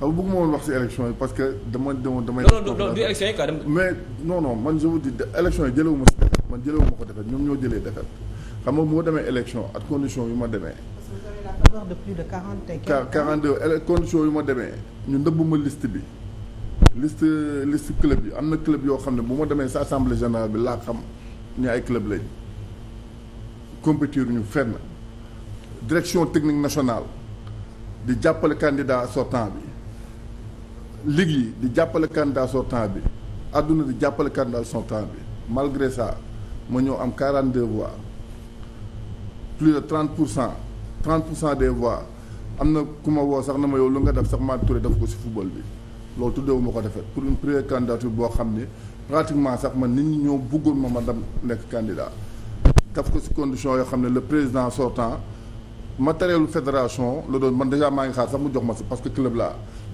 waaw ah, bëgguma woon wax ci élection yi parce que dama dama damay. non non du élection yi mais non non man je vous dis élection yi jëlewuma ci defet man jëlewuma ko defet ñoom ñoo jëlee defet xam nga moo demee élection ak condition yu ma demee. parce que de plus de yu ma demee ñu ndëbbuma list bi list list club yi am na club yoo xam ne bu ma demee sa assemblée générale bi laa xam ñu ay club lañ compétir ñu fenn direction technique nationale di jàppale candidat sortant bi. ligue yi di jàppale candidat temps bi àdduna di jàppale candidat sortant bi malgré ça ma ñëw am 42 voix plus de 30 pour cent 30 pour cent des voix am na ku ma woo sax na ma yow lu nga def sax maa turé def ko si football bi loolu tuddeewu ma ko defee pour une première candidature boo xam ne pratiquement sax man nit ñi ñoo bëggoon ma ma dem nekk candidat daf ko si condition yoo xam ne le président sortant matérielu fédération la doon man déjà maa ngi xaar sax mu jox ma si parce que club laa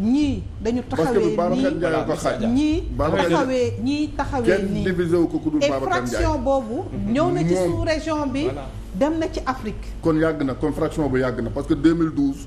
ñii dañu taxawee nii taxawee ñii taxawee nii infraction boobu ñëw na ci sous région bi dem na ci Afrique kon yàgg na kon fraction bu yàgg na parce que 2012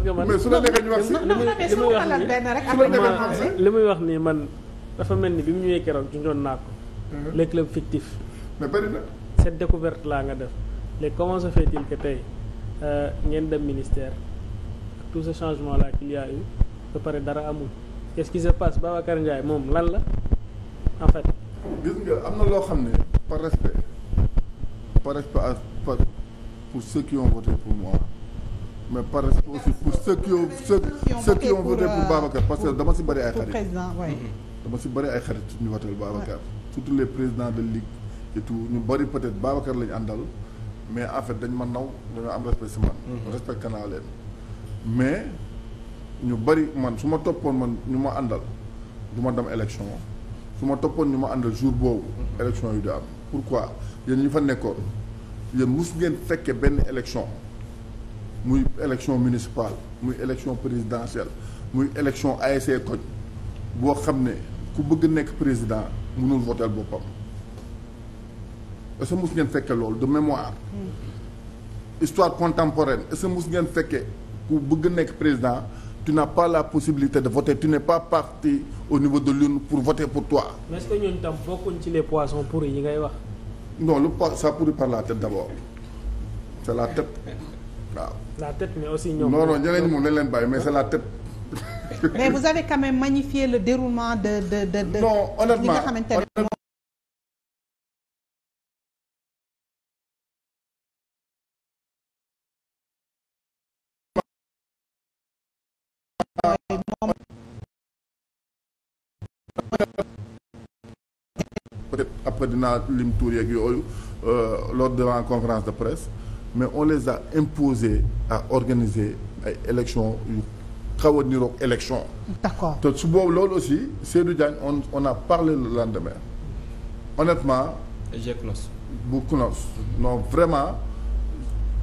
mais su la nekkee ñu wax si. li muy wax nii man dafa mel ni bi mu ñëwee keroog junjoon naa ko. Mhm. les clubs fictifs. mais bari na. cette découverte laa nga def léegi comment se fait-il tey euh, ngeen dem ministère tout changement là qu'il y a eu dara amul est ce qui se passe Babacar Ndiaye moom lan la en fait. gis nga am na loo xam ne par respect par respect à pour ceux qui pour moi. mais par respect aussi pour ceux qui ont ceux, ceux qui pour euh, Babacar parce que dama si bëri mhm. ay xarit dama si bëri ay xarit ñu woteel Babacar surtout les présidents de ligue et tout ñu bari peut-être Babacar lañu àndal mais en fait dañ ma naw dañoo am respect si man mhm. respecté naa leen mais ñu bëri man su ma toppoon man ñu ma àndal du ma dem élection su ma toppoon ñu ma àndal jour boobu mhm. élection yu du am pourquoi yéen ñu fa nekkoon yéen mus ngeen fekkee benn élection muy élection municipale muy élection présidentielle muy élection ASC koñ boo xam ne ku bëgg nekk président mënul voter boppam est-ce ngeen fekke loolu de mémoire hmm. histoire contemporaine est-ce que mus ngeen fekke ku bëgg nekk président tu na pas la possibilité de voter tu n'es pas parti au niveau de l'urne pour voter pour toi. mais est-ce que ñun ci les poissons pourris yi ngay wax. non le po ça pourrit par la tête d'abord c'est la tête. waaw. la tête mais aussi ñoom. non non ñeneen ñi moom lañ bàyyi mais c'est la tête. mais vous avez quand même magnifié le déroulement de de de de. non honnêtement li peut-être après dinaa lim tuur yeeg yooyu euh, lors de la conférence de presse mais on les a imposés à organiser ay élections yu xaw a niroog élection. d'accord te su boobu lool aussi Seydou Diagne on on a parlé le lendemain honnêtement. j'ai clos. bu clos non vraiment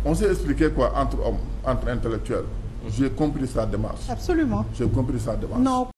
on s'est expliqué quoi entre hommes entre intellectuels. Mm. j'ai compris sa démarche. absolument j'ai compris sa démarche.